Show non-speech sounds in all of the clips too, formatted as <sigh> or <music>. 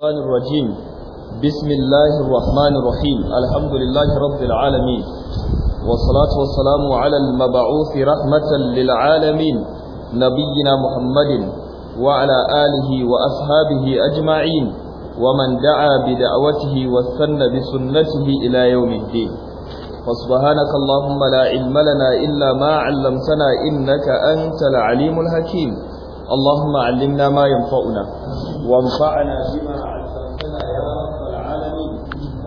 الشيطان الرجيم بسم الله الرحمن الرحيم الحمد لله رب العالمين والصلاة والسلام على المبعوث رحمة للعالمين نبينا محمد وعلى آله وأصحابه أجمعين ومن دعا بدعوته واستنى بسنته إلى يوم الدين فسبحانك اللهم لا علم لنا إلا ما علمتنا إنك أنت العليم الحكيم اللهم علمنا ما ينفعنا وانفعنا بما علمتنا يا رب العالمين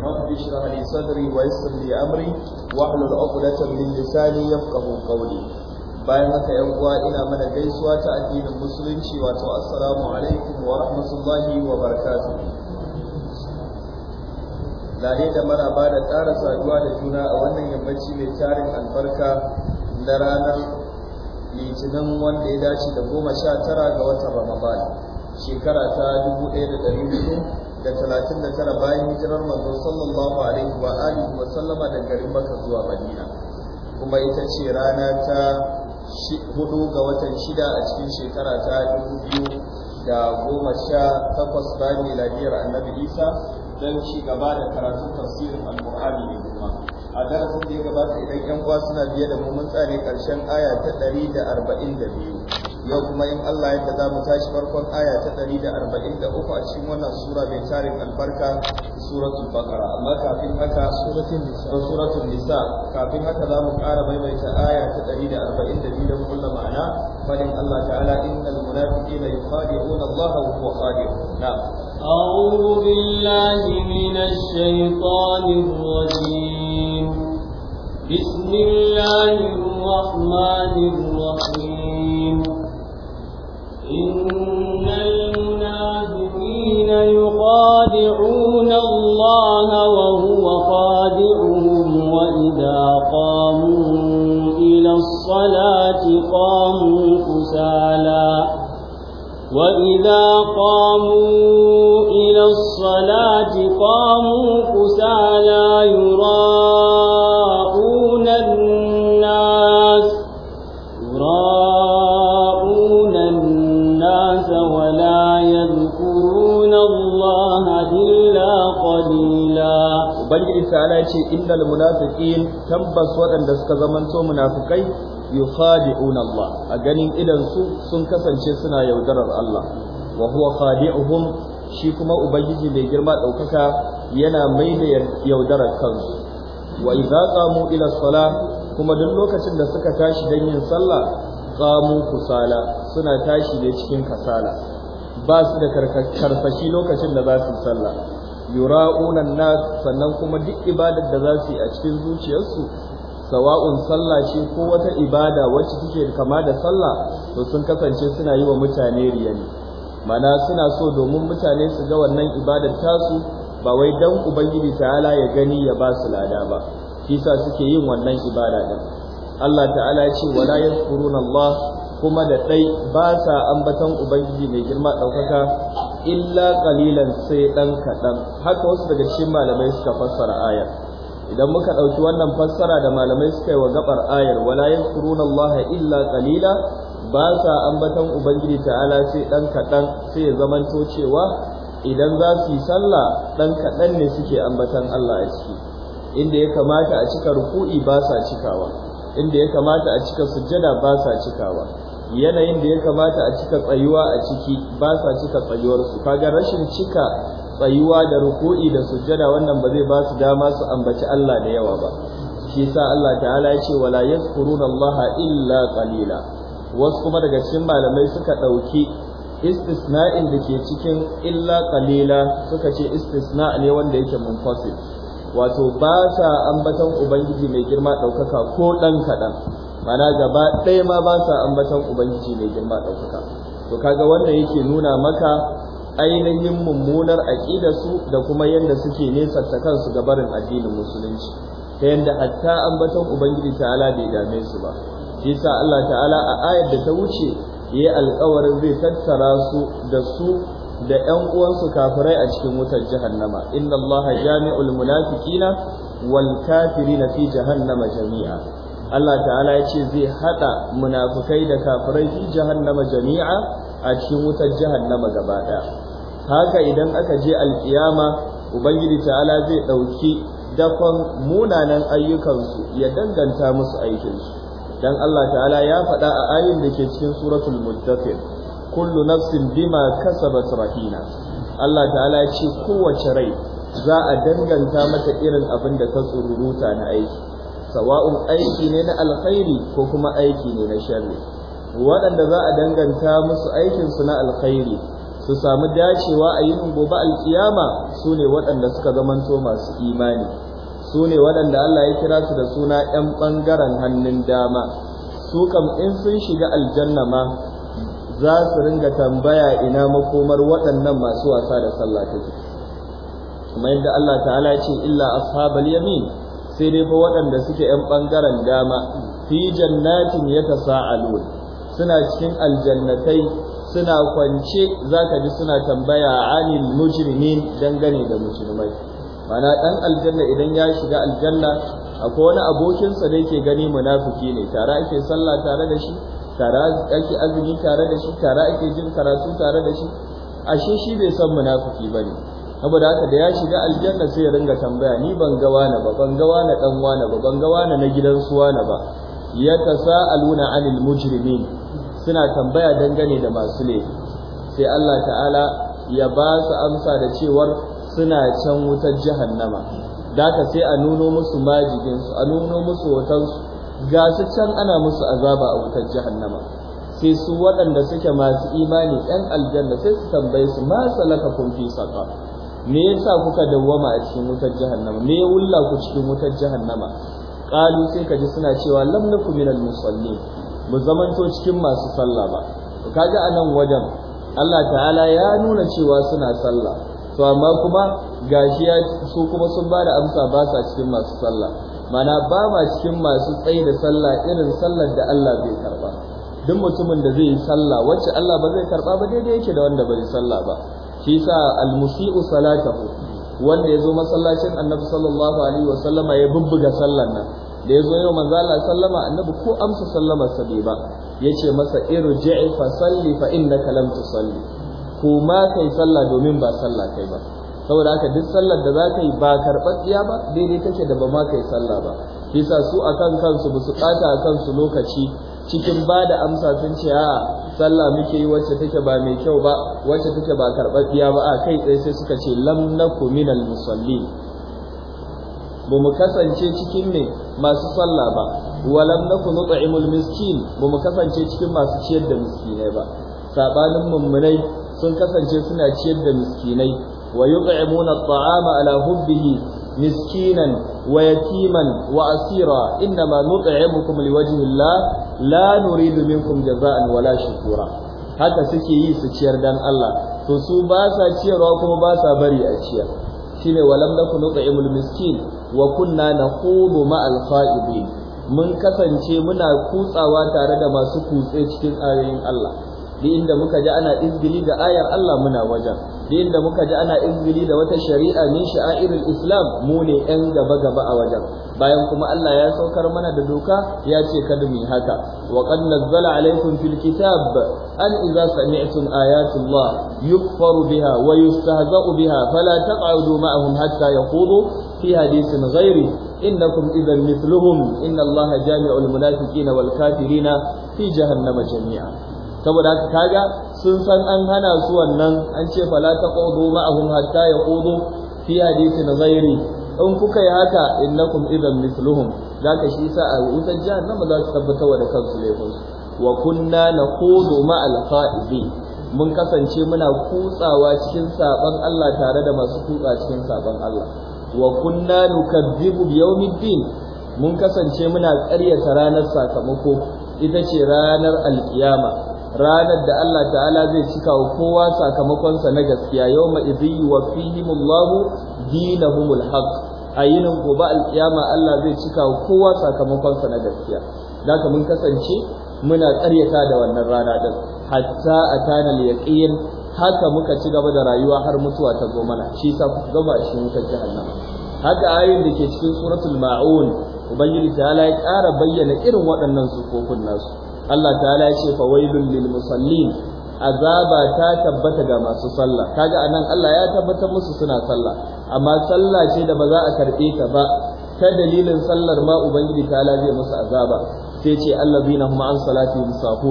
رب اشرح لي صدري ويسر لي امري واحلل عقدة من لساني يفقه قولي bayan haka yan uwa ina mana gaisuwa ta addinin musulunci wato assalamu alaikum wa rahmatullahi wa barakatuh lare da maraba da tsara saduwa da juna a wannan yammaci mai tarin albarka na ranar litinin wanda ya dace da goma sha tara ga watan ramadan shekara ta dubu ɗaya da ɗari hudu da talatin da tara bayan hijirar manzo sallallahu alaihi wa alihi wa sallama da garin maka zuwa madina kuma ita ce rana ta hudu ga watan shida a cikin shekara ta dubu biyu da goma sha takwas bayan miladiyar annabi isa don ci gaba da karatun tafsirin al ne a darasin da ya gabata idan yan kwa suna biye da mu mun tsare karshen aya ta 142 yau kuma in Allah ya yarda za mu tashi farkon aya ta 143 a cikin wannan sura mai tarin albarka suratul baqara amma kafin haka suratul nisa suratul nisa kafin haka za mu ƙara maimaita aya ta 142 da kullu ma'ana fadin Allah ta'ala innal munafiqina yukhadi'una Allah wa huwa khadi'un na'am أعوذ بالله من الشيطان الرجيم بسم الله الرحمن الرحيم إن المنافقين يخادعون الله وهو خادعهم وإذا قاموا إلى الصلاة قاموا كسالا وإذا قاموا إلى الصلاة قاموا كسالا يرام ubangiji ta'ala ya ce innal munafiqin tabbas waɗanda suka zamanto munafikai yukhadi'un Allah a ganin idan su sun kasance suna yaudarar Allah wa huwa khadi'uhum shi kuma ubangiji mai girma ɗaukaka yana mai da yaudarar kansu wa idza qamu ila salah kuma duk lokacin da suka tashi don yin sallah qamu kusala suna tashi ne cikin kasala ba su da karfashi lokacin da za su sallah yura'una nas sannan kuma duk ibadar da za su yi a cikin zuciyarsu sawa'un sallah shi ko wata ibada wacce take kama da sallah to sun kasance suna yi wa mutane riya mana suna so domin mutane su ga wannan ibadar tasu ba wai dan ubangiji ta'ala ya gani ya ba su lada ba kisa suke yin wannan ibada din Allah ta'ala ya ce wala yadhkuruna Allah kuma da dai ba sa ambaton ubangiji mai girma daukaka illa qalilan sai dan kadan haka wasu daga cikin malamai suka fassara ayar idan muka dauki wannan fassara da malamai suka yi wa gabar ayar wala yakuruna Allah illa qalila ba sa ambatan ubangiji ta'ala sai dan kadan sai ya zamanto cewa idan za su yi sallah dan kadan ne suke ambatan Allah a ciki inda ya kamata a cika ruku'i ba sa cikawa inda ya kamata a cika sujjada ba sa cikawa yanayin da ya kamata a cika tsayuwa a ciki ba sa cika tsayuwarsu kaga rashin cika tsayuwa da ruku'i da sujjada wannan ba zai ba su dama su ambaci Allah da yawa ba shi sa Allah ta'ala ya ce wala yazkuruna Allah illa qalila wasu kuma daga cikin malamai suka dauki istisna'in da ke cikin illa qalila suka ce istisna ne wanda yake munfasil wato ba sa ambatan ubangiji mai girma ɗaukaka ko ɗan kaɗan. mana gaba ɗaya ma ba sa ambatan ubangiji mai girma ɗaukaka to kaga wannan yake nuna maka ainihin mummunar aƙida su da kuma yadda suke nesa ta kansu ga barin addinin musulunci ta yadda hatta ambaton ubangiji ta'ala bai dame su ba shi Allah ta'ala a ayar da ta wuce yayi alƙawarin zai tattara su da su da ƴan uwansu kafirai a cikin wutar jahannama inna Allah jami'ul munafiqina wal kafirina fi jahannama jami'a Allah ta'ala ya ce zai hada munafukai da kafirai fi jahannama jami'a a cikin wutar jahannama gaba daya haka idan aka je alkiyama ubangiji ta'ala zai dauki dakon munanan ayyukansu ya danganta musu aikinsu dan Allah ta'ala ya faɗa a ayin da ke cikin suratul muddathir kullu nafsin bima kasabat rahina Allah ta'ala ya ce kowace rai za a danganta mata irin abin da ta tsururuta na aiki sawa'un aiki ne na alkhairi ko kuma aiki ne na sharri waɗanda za a danganta musu aikinsu na alkhairi su samu dacewa a yin gobe alkiyama su ne waɗanda suka zamanto masu imani su ne waɗanda Allah ya kira su da suna ‘yan ɓangaren hannun dama su kam in sun shiga aljanna ma za su ringa tambaya ina makomar waɗannan masu wasa da sallah take Kuma yadda Allah ta'ala ce illa ashabal yamin sai dai fa waɗanda suke ‘yan ɓangaren dama fi jannatin ya ta sa'alun suna cikin aljannatai suna kwance za ka ji suna tambaya anil mujrimin dangane da mujrimai mana ɗan aljanna idan ya shiga aljanna akwai wani abokinsa da yake gani munafiki ne tare ake sallah tare da shi tare ake azumi tare da shi tare ake jin karatu tare da shi ashe shi bai san munafiki bane saboda haka da ya shiga aljanna sai ya ringa tambaya ni ban ga wani ba ban ga wani dan wani ba ban ga wani na gidan su wani ba Ya tasaluna anil mujrimin suna tambaya dangane da masu laifi sai Allah ta'ala ya ba su amsa da cewar suna can wutar jahannama daka sai a nuno musu majigin su a nuno musu wutar su ga su can ana musu azaba a wutar jahannama sai su waɗanda suke masu imani ɗan aljanna sai su tambaye su ma salaka kun fi me yasa kuka dawwama a cikin wutar jahannama me ya wulla ku cikin wutar jahannama qalu sai kaji suna cewa lam nakum minal musallin mu zamanto cikin masu sallah ba kaji a nan wajen Allah ta'ala ya nuna cewa suna sallah to amma kuma gashi ya su kuma sun ba da amsa ba sa cikin masu sallah mana ba ma cikin masu tsayi da sallah irin sallar da Allah bai karba duk mutumin da zai yi sallah wacce Allah ba zai karba ba daidai yake da wanda bai sallah ba shi sa almusi'u musiu salatahu wanda yazo masallacin annabi sallallahu alaihi wa sallama ya bubbuga sallar nan da yazo yau manzo Allah sallama annabi ko amsa sallama sabe ba yace masa irji'i fa salli fa innaka lam tusalli ko ma kai sallah domin ba sallah kai ba saboda haka duk sallar da za ka yi ba karɓaɓɓiya ba daidai kake da ba ma kai sallah ba bisa su akan kansu ba su a kansu lokaci cikin ba da amsa sun ce a sallah muke yi wacce take ba mai kyau ba wacce take ba karɓaɓɓiya ba a kai tsaye sai suka ce lam naku minal musallin ba mu kasance cikin ne masu sallah ba wa naku nut'imul miskin ba mu kasance cikin masu ciyar da miskinai ba sabanin mummunai sun kasance suna ciyar da miskinai wa yut'imuna at'ama ala hubbihi مسكينا ويتيما وأسيرا إنما نطعمكم لوجه الله لا نريد منكم جزاء ولا شكورا haka suke yi su ciyar dan Allah to su basa ciyarwa kuma basa bari a ciyar shine walam nakunu qa'imul miskin wa kunna naqudu ma'al kha'ibin mun kasance muna kutsawa tare da masu kutse cikin ayoyin Allah duk inda muka ji ana izgili da ayar Allah muna wajen duk inda muka ji ana izgili da wata shari'a min sha'airul islam mu ne yan gaba gaba a wajen bayan kuma Allah ya saukar mana da doka ya ce kada mu yi haka wa qad nazzala alaikum fil kitab an idza sami'tum ayatullah yukfaru biha wa yustahza'u biha fala taq'udu ma'ahum hatta yaqudu fi hadithin ghairi إنكم إذا مثلهم إن الله جامع المنافقين والكافرين fi jahannama jami'a. saboda haka kaga sun san an hana su wannan an ce fala taqudu ma'ahum hatta yaqudu fi hadithin ghairi in kuka yi haka innakum idan misluhum zaka shi sa a wutar jahannama za su tabbatar da kansu laifin wa kunna naqudu ma'al qa'idin mun kasance muna kutsawa cikin saban Allah tare da masu kutsa cikin saban Allah wa kunna nukadzibu yawmiddin mun kasance muna ƙaryata ranar sakamako ita ce ranar alkiyama ranar da Allah ta'ala zai cika wa kowa sakamakonsa na gaskiya yau izi wa fihimullahu dinahumul haq a yinin gobe alkiyama Allah zai cika wa kowa sakamakonsa na gaskiya zaka mun kasance muna ƙaryata da wannan rana din hatta atana yaqin haka muka ci gaba da rayuwa har mutuwa ta zo mana shi sa ku gaba shi muka jahannama haka ayoyin da ke cikin suratul ma'un ubangiji ta'ala ya ƙara bayyana irin waɗannan sufofin nasu Allah ta ya ce fa wailul lil musallin azaba ta tabbata ga masu sallah kaga anan Allah ya tabbata musu suna sallah amma sallah ce da ba za a karbe ta ba ta dalilin sallar ma ubangiji ta zai musu azaba sai ce allazina hum an salati su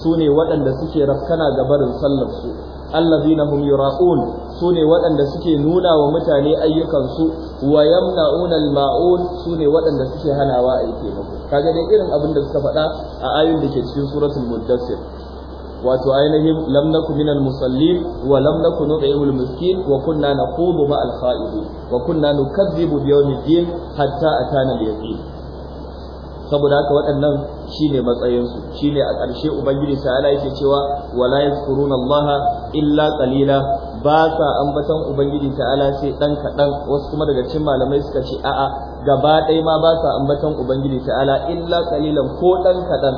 sune waɗanda suke rafkana ga barin sallar su allazina hum yura'un sune waɗanda suke nuna wa mutane ayyukansu wa yamna'una al-ma'un sune waɗanda suke hanawa a yake muku kaga dai irin abin da suka faɗa a ayoyin da ke cikin suratul muddassir wato ainihin lam naku minal musallin wa lam naku nud'imul miskin wa kunna ma al kha'idin wa kunna nukazzibu bi yawmiddin hatta atana al-yaqin saboda haka waɗannan shine matsayinsu shine a ƙarshe ubangiji ta'ala yake cewa wala yadhkuruna allaha illa qalila ba sa ambaton ubangiji ala sai dan kaɗan wasu kuma daga cikin malamai suka ce a'a gaba ɗaya ma ba sa ambaton ubangiji ala, illa qalilan ko dan kaɗan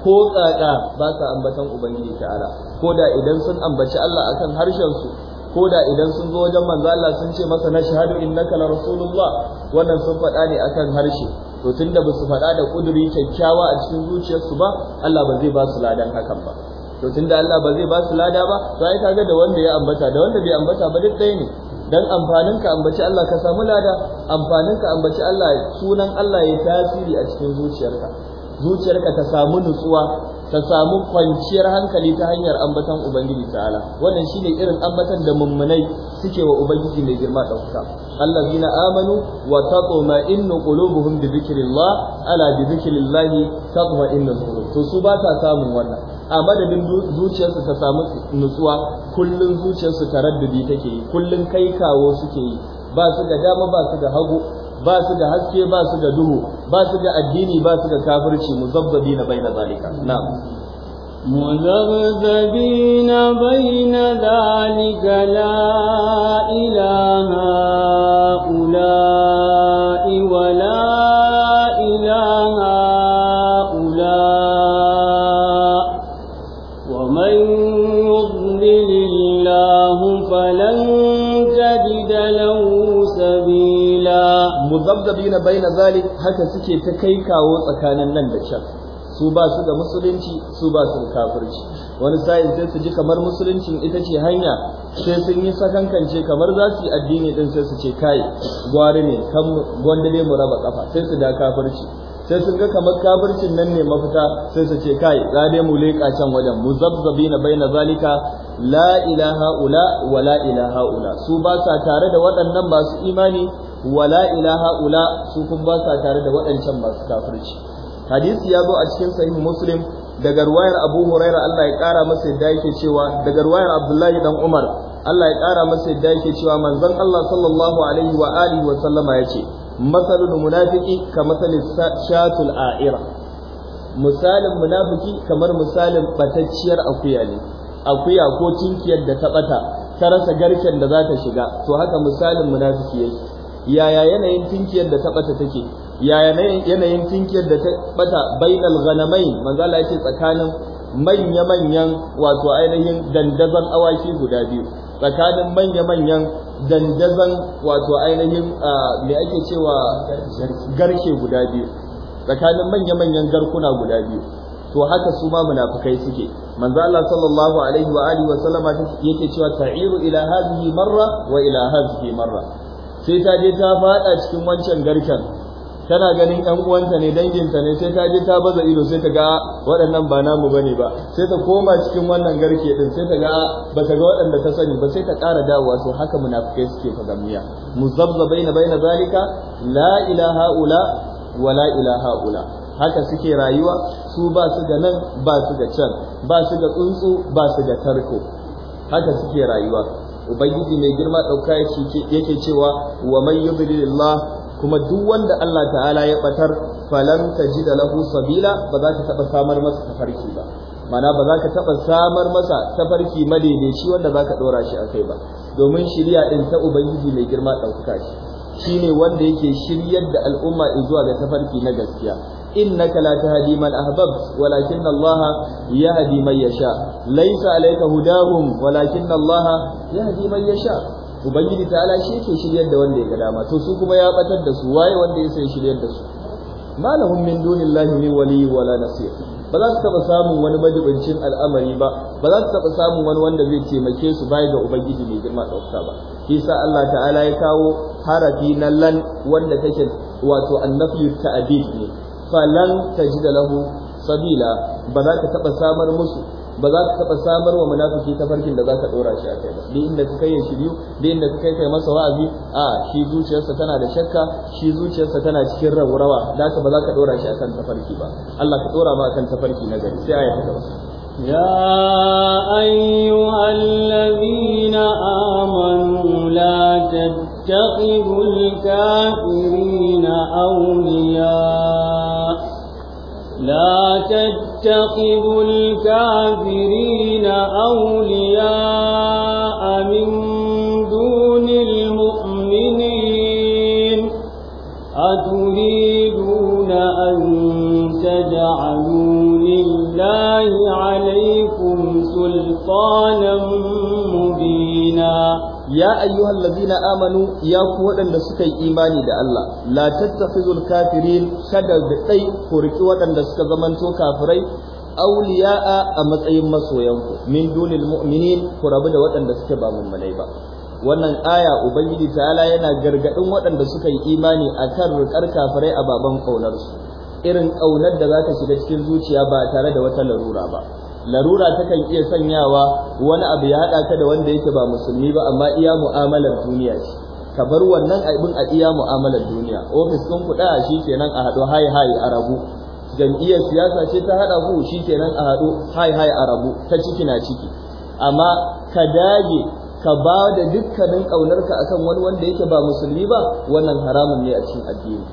ko tsaka ba sa ambaton ubangiji ala. ko da idan sun ambaci Allah akan harshen su ko da idan sun zo wajen manzo Allah sun ce masa na shahadu innaka la rasulullah wannan sun faɗa ne akan harshe to tunda ba su faɗa da kuduri kyakkyawa a cikin zuciyarsu ba Allah ba zai ba su ladan hakan ba to tunda Allah ba zai ba su lada ba to ai kaga da wanda ya ambata da wanda bai ambata ba duk ɗaya ne dan amfanin ka ambaci Allah ka samu lada amfanin ka ambaci Allah sunan Allah ya tasiri a cikin zuciyarka zuciyarka ta samu nutsuwa ka samu kwanciyar hankali ta hanyar ambatan ubangiji ta'ala wannan ne irin ambatan da mummunai suke wa ubangiji mai girma ɗauka. Allah zina amanu wa tatma'innu qulubuhum bikirin dhikrillah ala taɓo ma tatma'innu qulub to su ba ta samun wannan a madadin zuciyarsu ta samu nutsuwa kullum zuciyarsu ta taraddudi take yi kullum kai kawo suke yi ba su da dama ba su da hagu ba su da haske ba su da duhu ba su da addini ba su da kafirci bai na zalika na'am مذبذبين بين zalika la ilaha ula'i wala مذبذبين baina zalik haka suke ta kai kawo tsakanin nan da can su ba su da musulunci su ba su da kafirci wani sa'in sai su ji kamar musuluncin ita ce hanya sai sun yi sakankance kamar za su yi addini din sai su ce kai gwari ne kan gwandale mu raba kafa sai su da kafirci sai sun ga kamar kafircin nan ne mafita sai su ce kai za dai mu leƙa can wajen muzabzabina baina zalika la ilaha ula wa la ilaha ula su ba sa tare da waɗannan masu imani wala ilaha ula su kun ba sa tare da waɗancan masu kafirci hadisi ya zo a cikin sahih muslim daga ruwayar abu huraira Allah ya kara masa yadda yake cewa daga ruwayar abdullahi dan umar Allah ya kara masa yadda yake cewa manzon Allah sallallahu alaihi wa alihi wa sallama yace masalul munafiqi ka masalil shatul a'ira misalin munafiki kamar misalin batacciyar akuya ne akuya ko tinkiyar da ta bata ta rasa garken da za ta shiga to haka misalin munafiki yake yaya yanayin tinkiyar da ta bata take yaya yanayin tinkiyar da ta bata bainal ghanamai manzo Allah yake tsakanin manya manyan wato ainihin dandazan awaki guda biyu tsakanin manya manyan dandazan wato ainihin me ake cewa garke guda biyu tsakanin manya manyan garkuna guda biyu to haka su ma munafikai suke manzo Allah sallallahu alaihi wa alihi wa sallama yake cewa ta'iru ila hadhihi marra wa ila hadhihi marra sai ta je ta fada cikin wancan garken tana ganin ɗan uwanta ne danginta ne sai ta je ta baza ido sai ta ga waɗannan ba namu bane ba sai ta koma cikin wannan garke din sai ta ga ba ga waɗanda ta sani ba sai ta ƙara dawowa sai haka munafikai suke fagamiya muzabza baina baina zalika la ilaha ula wa la ilaha ula haka suke rayuwa su ba su ga nan ba su ga can ba su ga tsuntsu ba su ga tarko haka suke rayuwa ubangiji mai girma dauka yake cewa wa man yudlilillah kuma duk wanda Allah ta'ala ya batar falan tajida lahu sabila ba za ka taba samar masa tafarki ba mana ba za ka taɓa samar masa tafarki madaidaici wanda za ka ɗora shi akai ba domin shirya din ta ubangiji mai girma ɗauka shi shine ne wanda yake shiryar da al'umma in zuwa ga tafarki na gaskiya إنك لا تهدي من أحببت ولكن الله يهدي من يشاء ليس عليك هداهم ولكن الله يهدي من يشاء ubangiji ta'ala shi ke shiryar da wanda ya ga dama to su kuma ya batar da su waye wanda ya sai shiryar da su malahum min dunillahi min wali wala nasir ba za su taɓa samun wani majibincin al'amari ba ba za su taɓa samun wani wanda zai taimake su baya ga ubangiji mai girma ɗauka ba shi sa Allah ta'ala ya kawo harafi na lan wanda take wato annafiyu ta'abid ne falan da lahu sabila ba za ka taba samar musu ba za ka taba samar wa munafiki farkin da za ka dora shi akai ba duk inda kai shi biyu duk inda kai kai masa wa'azi a shi zuciyarsa tana da shakka shi zuciyarsa tana cikin rawrawa da ka ba za ka dora shi a kan tafarki ba Allah ka dora ma kan tafarki na gari sai aya ta gaba يا أيها الذين آمنوا لا تتبعوا تتخذ الكافرين أولياء لا تتخذوا الكافرين أولياء من دون المؤمنين أتريدون أن تجعلوا لله عليكم سلطانا مبينا ya ayyuhal ladina amanu ya ku waɗanda suka yi imani da Allah la tattakhizul kafirin kada da dai ku riki waɗanda suka zamanto kafirai awliya'a a matsayin masoyanku min dunil mu'minin ku rabu da waɗanda suke ba mummunai ba wannan aya ubangiji ta'ala yana gargadin waɗanda suka yi imani akan rikar kafirai a baban kaunar su irin kaunar da za ta shiga cikin zuciya ba tare da wata larura ba larura takan iya sanyawa wani abu ya haɗa ka da wanda yake ba musulmi ba amma iya mu'amalar duniya ce ka bar wannan abin a iya mu'amalar duniya ofis ɗin kuɗa shi kenan a haɗu hai hai a rabu siyasa ce ta haɗa ku shi kenan a haɗu hai hai a rabu ta ciki na ciki amma ka dage ka ba da dukkanin ƙaunarka akan wani wanda yake ba musulmi ba wannan haramun ne a cikin addini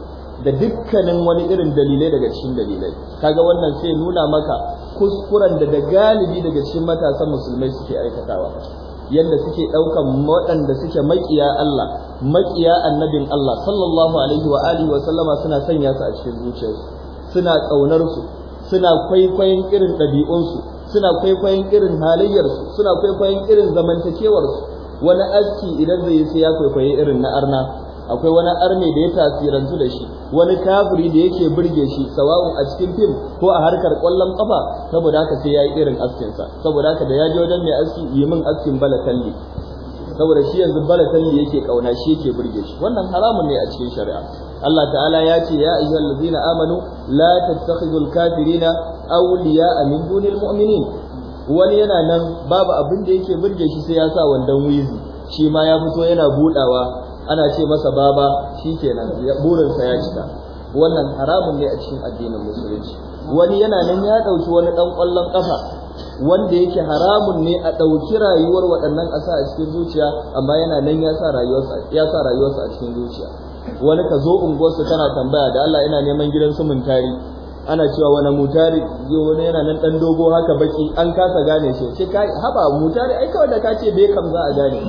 da dukkanin wani irin dalilai daga cikin dalilai kaga wannan sai nuna maka kuskuren da da galibi daga cikin matasan musulmai suke aikatawa yadda suke ɗaukan waɗanda suke maƙiya Allah maƙiya annabin Allah sallallahu alaihi wa alihi wa sallama suna sanya su a cikin zuciyarsu suna kaunar su suna kwaikwayon irin ɗabi'unsu suna kwaikwayon irin halayyarsu suna kwaikwayon irin zamantakewarsu wani aski idan zai yi sai ya kwaikwayi irin na arna akwai wani arne da ya tasirantu da shi wani kafiri da yake burge shi sawa'un a cikin fim ko a harkar kwallon kafa saboda haka sai yayi irin askin sa saboda haka da ya je wajen mai aski yi min askin balakalli saboda shi yanzu balakalli yake kauna shi yake burge shi wannan haramun ne a cikin shari'a Allah ta'ala ya ce ya ladzina amanu la tattakhidul kafirina awliya'a min dunil mu'minin wani yana nan babu abin da yake burge shi sai ya sa wandon wizi shi ma ya fito yana budawa ana ce masa baba shikenan burinsa ya cika wannan haramun ne a cikin addinin musulunci wani yana nan ya ɗauki wani ɗan ƙwallon ƙafa wanda yake haramun ne a ɗauki rayuwar waɗannan a sa a cikin zuciya amma yana nan ya sa rayuwarsa a cikin zuciya wani ka zo unguwarsa tana tambaya da Allah ina neman gidan su tari ana cewa wani mutari yo wani yana nan dan dogo haka baki an kasa gane shi sai kai haba mutari ai kawai da ka ce bai kam za a gane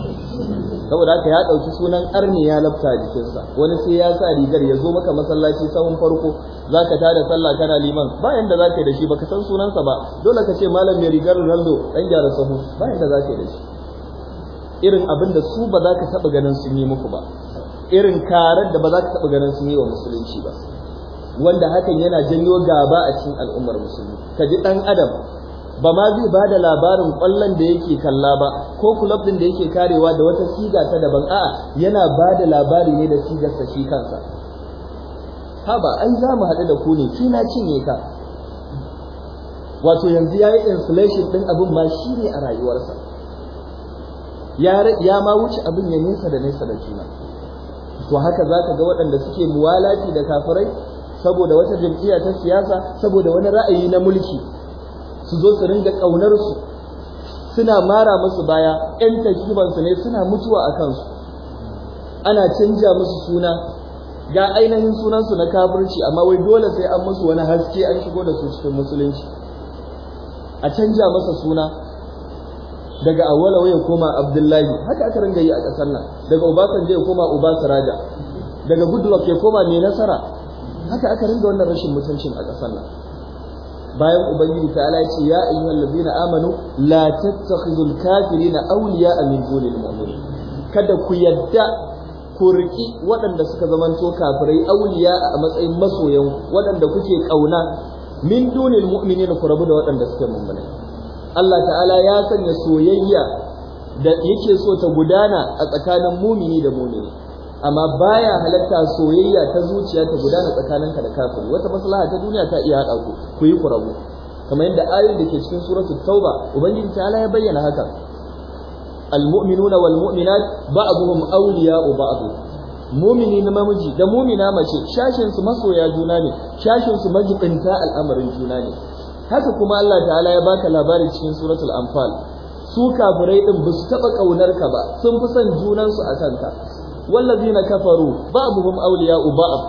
saboda haka ya ɗauki sunan ƙarni ya lafta jikinsa wani sai ya sa rigar ya zo maka masallaci sahun farko za ka da sallah kana liman Ba yanda za ka da shi baka san sunansa ba dole ka ce malam mai rigar Ronaldo ɗan gyara sahu Ba yanda za ka da shi irin abin da su ba za ka taɓa ganin sun yi muku ba irin karar da ba za ka taɓa ganin sun yi wa musulunci ba wanda hakan yana janyo gaba a cikin al'ummar musulmi ka ji ɗan adam ba ma zai ba da labarin ƙwallon da yake kalla ba ko kulob ɗin da yake karewa da wata siga ta daban a'a yana ba da labari ne da sigarsa shi kansa haba ai za mu haɗu da ku ne ki na cinye ka wato yanzu ya yi insulation ɗin abin ma shi ne a rayuwarsa ya ma wuce abin ya nesa da nesa da juna to haka za ka ga waɗanda suke muwalati da kafirai saboda wata jam'iyya ta siyasa saboda wani ra'ayi na mulki su zo su ringa kaunar su suna mara musu baya ƴan takiban su ne suna mutuwa a kansu ana canja musu suna ga ainihin sunansu na kafirci amma wai dole sai an musu wani haske an shigo da su cikin musulunci a canja masa suna daga awwala ya koma abdullahi haka aka ringa yi a ƙasar nan daga obasanjo ya koma obasaraja daga goodluck ya koma mai nasara haka aka ringa wannan rashin mutuncin a ƙasar nan bayan ubangiji ta ala ce ya ayyuhal ladina amanu la tattakhidul kafirina awliya min dunil mu'minin kada ku yadda ku riki waɗanda suka zamanto kafirai awliya a matsayin masoyan waɗanda kuke kauna min dunil mu'minin ku rabu da waɗanda suke mummuna Allah ta'ala ya sanya soyayya da yake so ta gudana a tsakanin mumini da mumini amma baya halatta soyayya ta zuciya ta gudana tsakaninka da kafiri wata maslaha ta duniya ta iya haɗa ku ku yi kurabu kamar yadda ayoyin da ke cikin suratul tauba ubangiji ta ya bayyana haka المؤمنون والمؤمنات بعضهم awliya'u ba'd mumini na mamiji da mumina mace shashin su masoya juna ne shashin su majibinta al'amarin juna ne haka kuma Allah ta'ala ya baka labari cikin suratul anfal su kafirai din ba su taba kaunar ka ba sun fi son junansu a kanka. wallazina kafaru ba'dhum awliya'u ba'd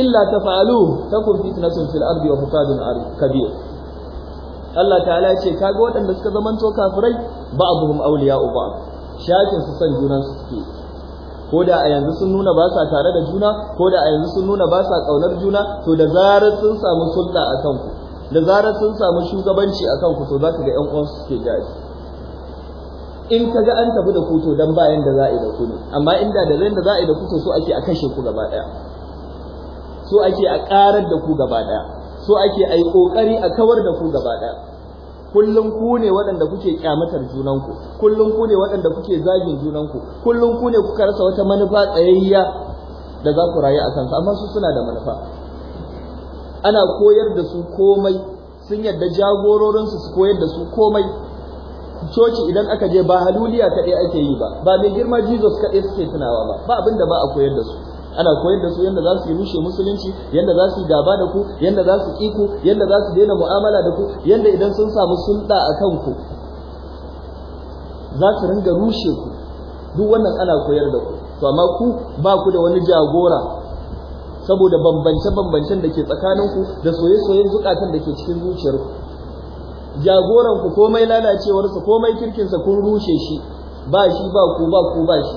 illa taf'aluhu takun fitnatun fil ardi wa fasadun kabir Allah ta'ala ce kaga waɗanda suka zamanto kafirai ba'dhum awliya'u ba'd shakin su san junan su suke ko da a yanzu sun nuna ba sa tare da juna ko da a yanzu sun nuna ba sa kaunar juna to da zarar sun samu sulta akan ku da zarar sun samu shugabanci akan ku to zaka ga ƴan uwansu suke jaji in ka ga an tafi da kuto dan ba yanda za a yi da ku ne amma inda da zai da za a yi da kuto so ake a kashe ku gaba daya so ake a karar da ku gaba daya so ake a yi kokari a kawar da ku gaba daya kullum ku ne waɗanda kuke kyamatar junanku kullum ku ne waɗanda kuke zagin junanku kullum ku ne kuka rasa wata manufa tsayayya da za ku rayu a kansa amma su suna da manufa ana koyar da su komai sun yadda jagororinsu su koyar da su komai coci idan aka je ba haluliya kaɗai ake yi ba ba mai girma jesus kaɗai suke tunawa ba ba abinda ba a koyar da su ana koyar da su yadda za su yi rushe musulunci yadda za su yi gaba da ku yadda za su ku yadda za su daina mu'amala da ku yadda idan sun samu sulɗa a kan ku za su ringa rushe ku duk wannan ana koyar da ku to amma ku ba ku da wani jagora saboda bambance-bambancen da ke tsakaninku da soye-soyen zukatan da ke cikin zuciyarku jagoran ku komai lalacewarsa komai kirkin sa kun rushe shi ba shi ba ku ba ku ba shi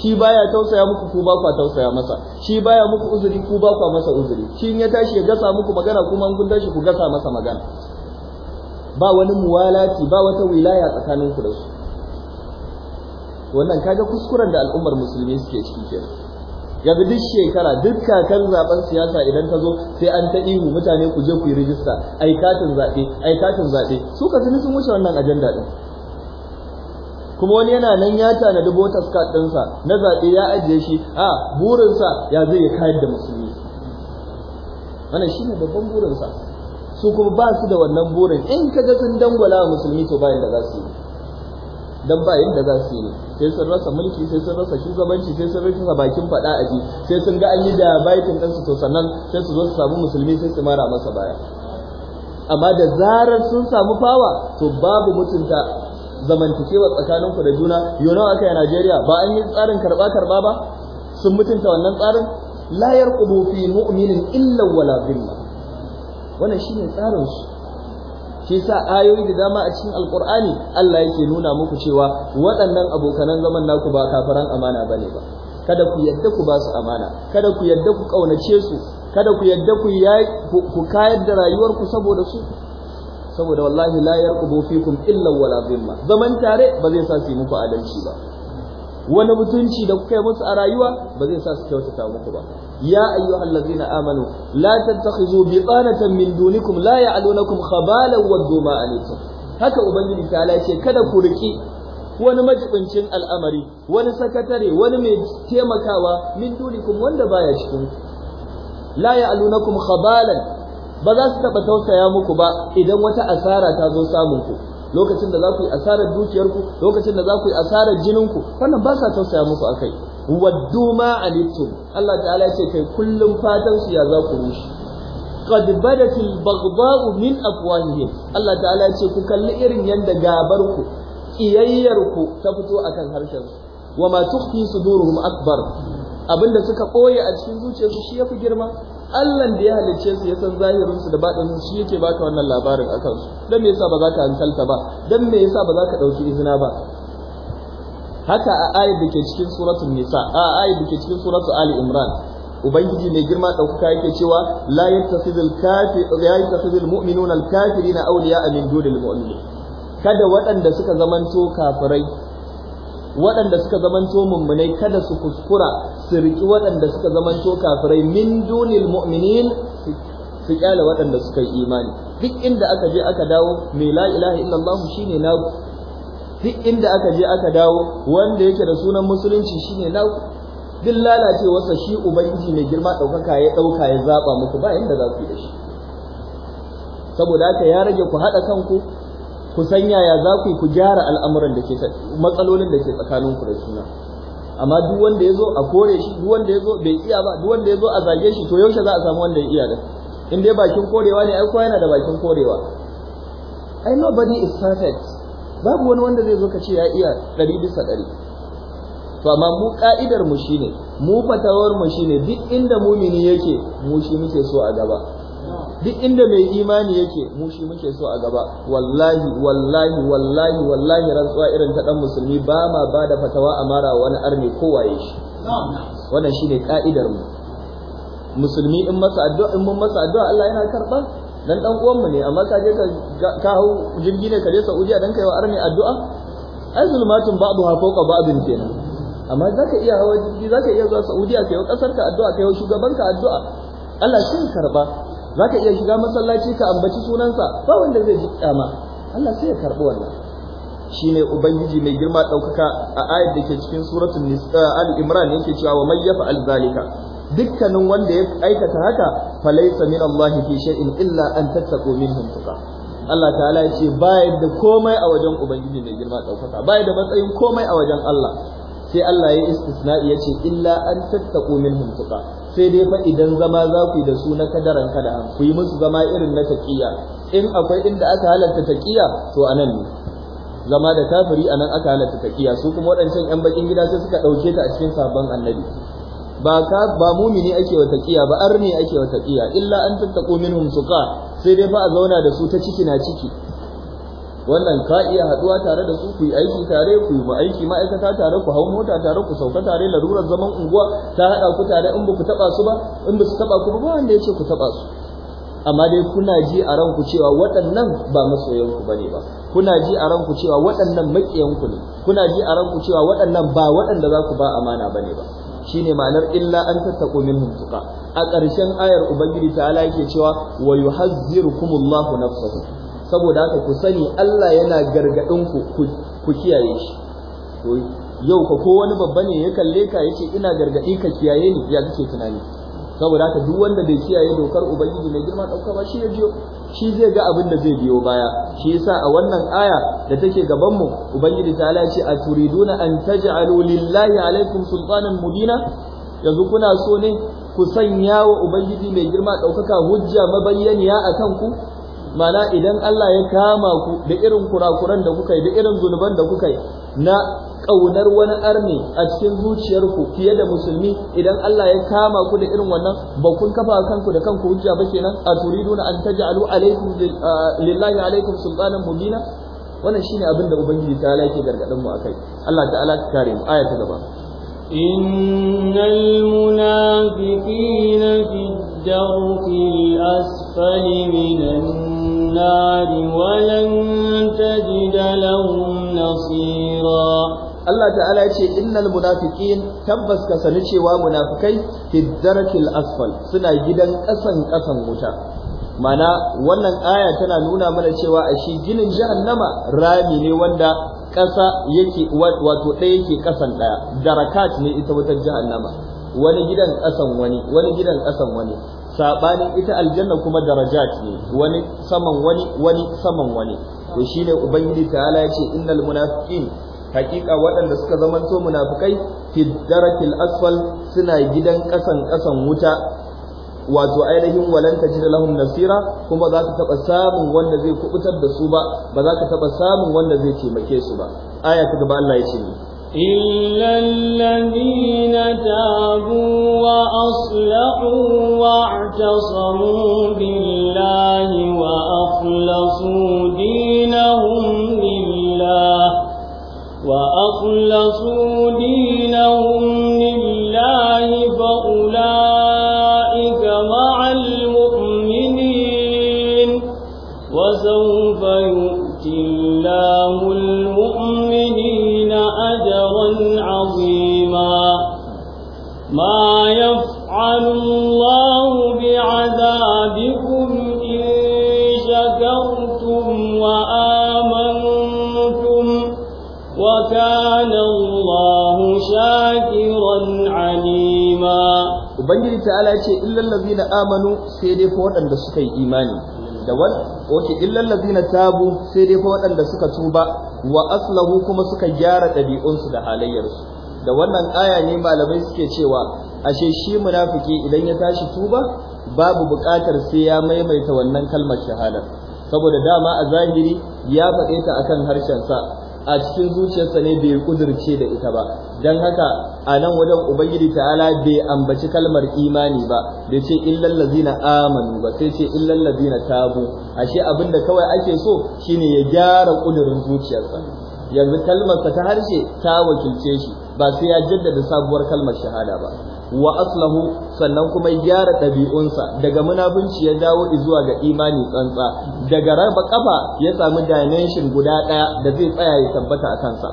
shi baya tausaya muku ku ba ku tausaya masa shi baya muku uzuri ku ba ku masa uzuri shi in ya tashi ya gasa muku magana kuma kun tashi ku gasa masa magana ba wani muwalati ba wata wilaya tsakanin ku da su wannan kaga kuskuren da al'ummar musulmi suke ciki kenan yanzu duk shekara duk kakar zaben siyasa idan ta zo sai an ta ihu mutane ku je ku yi rijista aikatin zaɓe aikatin zaɓe su ka tuni sun wuce wannan ajanda din kuma wani yana nan ya tanadi voters card ɗinsa na zaɓe ya ajiye shi a burinsa ya zai kayar da musulmi wannan ne babban burinsa su kuma ba su da wannan burin in ka ga sun dangwala musulmi to bayan da za su yi dan ba yadda za su yi sai sun rasa mulki sai sun rasa shugabanci sai sun rasa bakin fada a ji sai sun ga an yi da baitin ɗansu to sannan sai su zo su samu musulmi sai su mara masa baya amma da zarar sun samu fawa to babu mutunta zamantakewa tsakanin ku da juna yau nawa aka yi Najeriya ba an yi tsarin karba karba ba sun mutunta wannan tsarin la yarqubu fi mu'minin illa wala dhilla wannan shine tsarin su shi yasa ayoyi da dama a cikin alqur'ani Allah yake nuna muku cewa waɗannan abokanan zaman naku ba kafaran amana bane ba kada ku yadda ku ba su amana kada ku yadda ku kaunace su kada ku yadda ku ku kayar da ku saboda su saboda wallahi la yarqubu fikum illa wala zimma zaman tare ba zai sa su muku adalci ba wani mutunci da kuka yi musu a rayuwa ba zai sa su kyautata muku ba ya ayyuhal na amanu la tattakhizu bitanatan min dunikum la ya'lunukum khabalan waddu ma alaykum haka ubangiji ta ce kada ku riki wani majibincin al'amari wani sakatare wani mai taimakawa min dunikum wanda baya cikin la ya'lunukum khabalan ba za su taba tausaya muku ba idan wata asara ta zo samun ku lokacin da za ku yi asarar dukiyarku lokacin da za ku yi asarar jininku wannan ba sa tausaya muku kai waddu ma anittum Allah ta'ala ya ce kai kullum fatan su ya za ku rushe qad badatil baghdha'u min afwahihim Allah ta'ala ya ce ku kalli irin yanda gabar ku ta fito akan harshen su wa ma tukhfi suduruhum akbar abinda suka koye a cikin zuciyarsu shi yafi girma Allahn da ya halicce su ya san zahirin su da baɗin su shi yake baka wannan labarin a kansu, don me yasa ba za ka hankalta ba don me yasa ba za ka ɗauki izina ba haka a ayat da ke cikin suratun nisa a ayat da ke cikin suratun ali imran ubangiji mai girma ɗaukaka yake cewa la yattakhidul kafir la yattakhidul mu'minuna al-kafirina awliya'a min dunil mu'minin kada waɗanda suka zamanto kafirai waɗanda suka zamanto mummunai kada su kuskura su riƙi waɗanda suka zamanto kafirai min dunil mu'minin su kyale waɗanda suka yi imani duk inda aka je aka dawo mai la ilaha illallah shine na duk inda aka je aka dawo wanda yake da sunan musulunci shine na duk lalacewarsa shi ubangiji mai girma ɗaukaka ya ɗauka ya zaɓa muku ba inda za ku yi da shi saboda haka ya rage ku haɗa kanku ku san yaya za ku yi ku gyara al'amuran da ke matsalolin da ke tsakanin ku da suna. amma duk wanda ya zo a kore shi duk wanda ya zo bai iya ba duk wanda ya zo a zage shi to yaushe za a samu wanda ya iya da in dai bakin korewa ne ai kowa yana da bakin korewa ai nobody is perfect babu wani wanda zai zo ka ce ya iya ɗari bisa ɗari to amma mu ka'idar mu shine mu fatawar mu shine duk inda mumini yake mu shi muke so a gaba duk inda mai imani yake mu shi muke so a gaba wallahi wallahi wallahi wallahi rantsuwa irin ta dan musulmi ba ma ba da fatawa a mara wani arne waye shi wannan shine ka'idar mu musulmi in masa addu'a in mun masa addu'a Allah yana karba dan dan uwan mu ne amma ka je ka hau jirgi ne ka je Saudiya dan kai wa arne addu'a ai zulmatun ba'daha fawqa ba'din kenan amma zaka iya hawa jirgi zaka iya zuwa Saudiya kai wa kasar ka addu'a kai wa shugaban ka addu'a Allah shi karba za ka iya shiga masallaci ka ambaci sunansa ba wanda zai ji kyama Allah sai ya karɓi wannan shine ubangiji mai girma ɗaukaka a ayat da ke cikin suratun nisa alimran imran yake cewa wa mayyafa yaf'al zalika dukkanin wanda ya aikata haka falaisa min Allah fi shay'in illa an tattaqu minhum tuqa Allah ta'ala ya ce baya da komai a wajen ubangiji mai girma ɗaukaka baya da matsayin komai a wajen Allah sai Allah ya istisna'i ya ce illa an tattaku min tuqa sai dai fa idan zama za ku yi da su na kadaran kada ku yi musu zama irin na taqiya in akwai inda aka halatta taqiya to nan ne zama da kafiri anan aka halatta taqiya su kuma waɗancan yan bakin gida sai suka dauke ta a cikin sabon annabi ba ka ba mumini ake wa taqiya ba arni ake wa taqiya illa an tattaku minhum tuqa sai dai fa a zauna da su ta ciki na ciki wannan ka iya haduwa tare da su ku yi aiki tare ku yi aiki ma'aikata tare ku hau mota tare ku sauka tare larurar zaman unguwa ta hada ku tare in ba ku taba su ba in ba su taba ku ba wanda ya ce ku taba su amma dai kuna ji a ranku cewa waɗannan ba masoyanku bane ba kuna ji a ranku cewa waɗannan maƙiyanku ne kuna ji a ranku cewa waɗannan ba waɗanda za ku ba amana bane ba shine ma'anar illa an tattaqu minhum tuqa a ƙarshen ayar ubangiji ta'ala yake cewa wa yuhazzirukumullahu nafsahu saboda haka ku sani Allah yana gargadin ku ku kiyaye shi to yau ka ko wani babba ne ya kalle ka yace ina gargadi ka kiyaye ni ya kace tunani saboda haka duk wanda bai kiyaye dokar ubangiji mai girma dauka ba shi ya biyo shi zai ga abin da zai biyo baya shi yasa a wannan aya da take gaban mu ubangiji ta ala ce aturiduna an taj'alu lillahi alaikum sultanan mubina yanzu kuna so ne ku sanya wa ubangiji mai girma daukaka hujja mabayyaniya akan ku mana idan Allah ya kama ku da irin kurakuran da kuka yi da irin zunuban da kuka yi na ƙaunar wani arni a cikin zuciyarku fiye da musulmi idan Allah ya kama ku da irin wannan ba kun kafa kanku da kanku hujja ba kenan a turidu an taj'alu alaikum lillahi alaikum sultanan mubina wannan shine abin da ubangiji ta lake gargadin mu akai Allah ta'ala ta kare mu aya ta gaba إن المنافقين في الدرك الأسفل من النار ولن تجد لهم نصيرا Allah ta'ala yace, ce innal tabbas ka sani cewa munafikai fi darkil asfal suna gidan kasan kasan wuta mana wannan aya tana nuna mana cewa a shi ginin jahannama rami ne wanda ƙasa yake wato ɗaya yake ƙasan ɗaya darakat ne ita wutar jahannama wani gidan ƙasan wani wani gidan ƙasan wani sabanin ita aljanna kuma darajat ne wani saman wani wani saman wani to shine ubangiji ta'ala yace innal munafiqin hakika waɗanda suka zamanto munafikai fi darakil asfal suna gidan ƙasan ƙasan wuta wato ainihin walan da lahum nasira kuma za ka taba samun wanda zai kubutar da su ba ba za ka taba samun wanda zai taimake su ba aya ta gaba Allah ya ce إلا الذين تابوا وأصلحوا واعتصموا بالله وأخلصوا دينهم لله وأخلصوا ubangiji ta'ala ce illal na amanu sai dai fa waɗanda suka yi imani da wal wace illal na tabu sai dai fa waɗanda suka tuba wa aslahu kuma suka gyara ɗabi'unsu da halayyarsu da wannan aya ne malamai suke cewa ashe shi munafiki idan ya tashi tuba babu buƙatar sai ya maimaita wannan kalmar shahada saboda dama a zahiri ya faɗe ta akan harshensa a cikin zuciyarsa ne bai kudirce da ita ba don haka a nan wajen ubangiji ta'ala bai ambaci kalmar imani ba bai ce illal ladina amanu ba sai ce illal ladina tabu ashe abinda kawai ake so shine ya gyara kudurin zuciyarsa yanzu kalmarsa ta harshe ta wakilce shi ba sai ya jaddada sabuwar kalmar shahada ba wa aslahu sannan kuma gyara ɗabi'unsa daga munafunci ya dawo zuwa ga imani tsantsa daga raba kafa ya samu dimension guda ɗaya da zai tsaya ya tabbata a kansa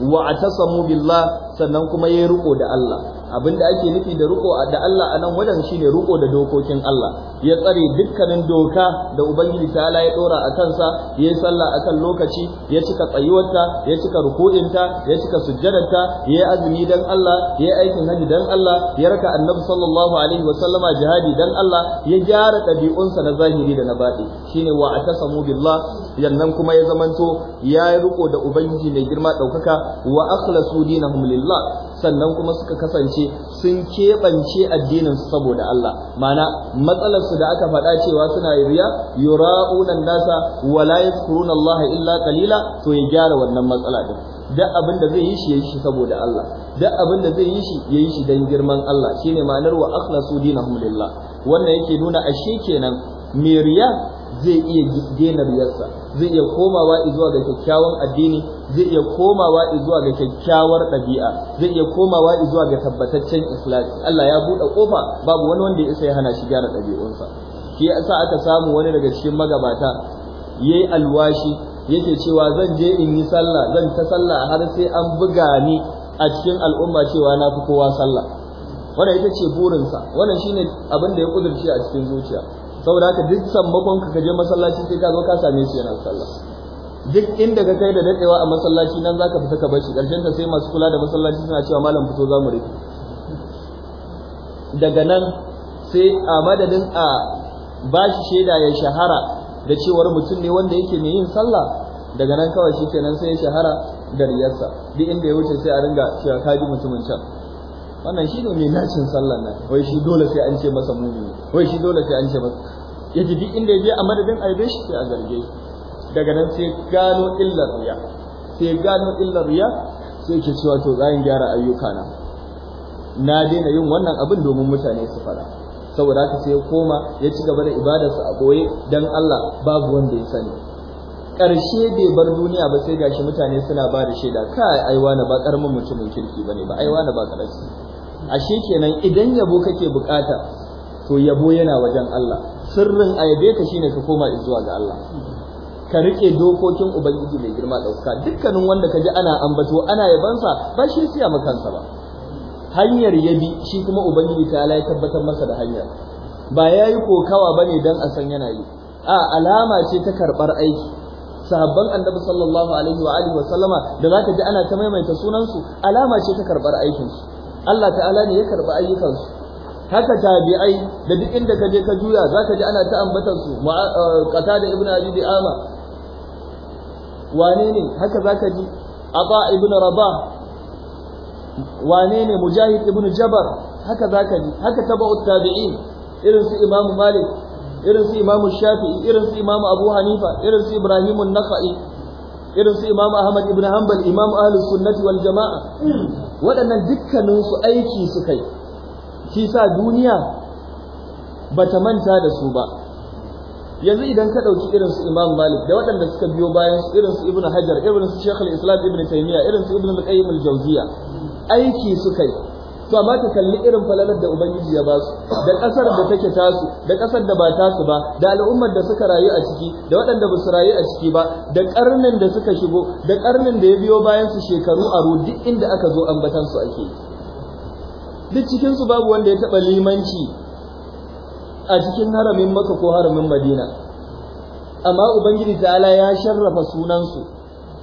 wa atasamu billah sannan kuma yayi riko da Allah Abin da ake nufi da riko da Allah a nan wajen shine riko da dokokin Allah ya tsare dukkanin doka da ubangiji ta'ala ya dora a kansa ya yi sallah a kan lokaci ya cika tsayuwarta ya cika ruku'inta ya cika sujjadarta yi azumi dan Allah ya yi aikin haji dan Allah ya raka annabi sallallahu alaihi wa sallama jihadi dan Allah ya gyara ɗabi'unsa na zahiri da na baɗi shine wa atasamu billah yannan kuma ya zamanto ya riko da ubangiji mai girma ɗaukaka wa akhlasu dinahum lillah sannan kuma suka kasance sun keɓance addinin su saboda Allah mana matsalar su da aka faɗa cewa suna riya yura'una nasa wa yadhkuruna Allah illa qalila to ya gyara wannan matsala din duk abin da zai yi shi ya yi shi saboda Allah duk abin da zai yi shi ya yi shi dan girman Allah shine ma'anar wa akhlasu dinahum lillah wannan yake nuna ashe kenan mai zai iya gina riyarsa zai iya komawa zuwa ga kyakkyawan addini zai iya komawa zuwa ga kyakkyawar ɗabi'a zai iya komawa zuwa ga tabbataccen islam Allah ya buɗe ƙofa babu wani wanda ya isa ya hana shi gyara ɗabi'unsa shi yasa aka samu wani daga cikin magabata yayi alwashi yake cewa zan je in yi sallah zan ta sallah har sai an buga ni a cikin al'umma cewa na fi kowa sallah wannan ita ce burinsa wannan shine abin da ya kudurce a cikin zuciya saboda haka duk sammakon ka je masallaci sai ka zo ka same shi yana sallah duk inda ka kai da dadewa a masallaci nan zaka fita ka bashi karshen ta sai masu kula da masallaci suna cewa malam fito za mu rike daga nan sai a madadin a bashi shaida ya shahara da cewar mutum ne wanda yake mai yin sallah daga nan kawai shi kenan sai ya shahara da duk inda ya wuce sai a ringa cewa kaji mutumin can wannan shi ne mai nacin sallar nan wai shi dole sai an ce masa mumini wai shi dole sai an ce masa ya ji duk inda ya je a madadin aibe shi sai a zarge daga nan sai gano illar riya sai gano illar riya sai ke cewa to zan gyara ayyuka na na daina yin wannan abin domin mutane su fara saboda haka sai ya koma ya ci gaba da ibadarsa a boye dan Allah babu wanda ya sani ƙarshe bai bar duniya ba sai gashi mutane suna ba da shaida kai aiwa na ba karamin mutumin kirki bane ba aiwa na ba karamin a shi kenan idan yabo kake bukata to yabo yana wajen Allah sirrin ayabe ka shine ka koma zuwa ga Allah ka rike dokokin ubangiji mai girma dauka dukkanin wanda kaji ana ambato ana yabansa ba shi siya maka kansa ba hanyar yabi shi kuma ubangiji ta ya tabbatar masa da hanyar ba yayi kokawa bane dan a san yana yi a alama ce ta karbar aiki sahabban annabi sallallahu alaihi wa alihi wa sallama da zaka ji ana ta maimaita sunansu alama ce ta karbar aikin su Allah ta'ala ne ya karba ayyukansu haka tabi'ai da duk inda ka je ka juya zaka ji ana ta ambatan su uh, da ibnu abi bi'ama wane ne haka zaka ji aba ibnu rabah wane ne mujahid ibnu jabar haka zaka ji haka tabu tabi'in irin su imamu malik irin su imamu shafi'i irin su imamu abu hanifa irin su ibrahimun naka'i irin su Imam Ahmad ibn Hanbal Imam Ahlus Sunnati wal Jama'a waɗannan dukkanin su aiki su kai shi sa duniya bata manta da su ba yanzu idan ka ɗauki irin su Imam Malik da waɗanda suka biyo bayan su irin su Ibn Hajar irin su Sheikh al-Islam Ibn Taymiyyah irin su Ibn al-Qayyim al-Jawziyya aiki su kai to amma ka kalli irin falalar da ubangiji ya basu da kasar da take tasu da kasar da ba tasu ba da al'ummar da suka rayu a ciki da waɗanda ba su rayu a ciki ba da karnin da suka shigo da karnin da ya biyo bayan su shekaru aro duk inda aka zo ambatan su ake duk cikin su babu wanda ya taba limanci a cikin haramin Makka ko haramin Madina amma ubangiji ta'ala ya sharrafa sunan su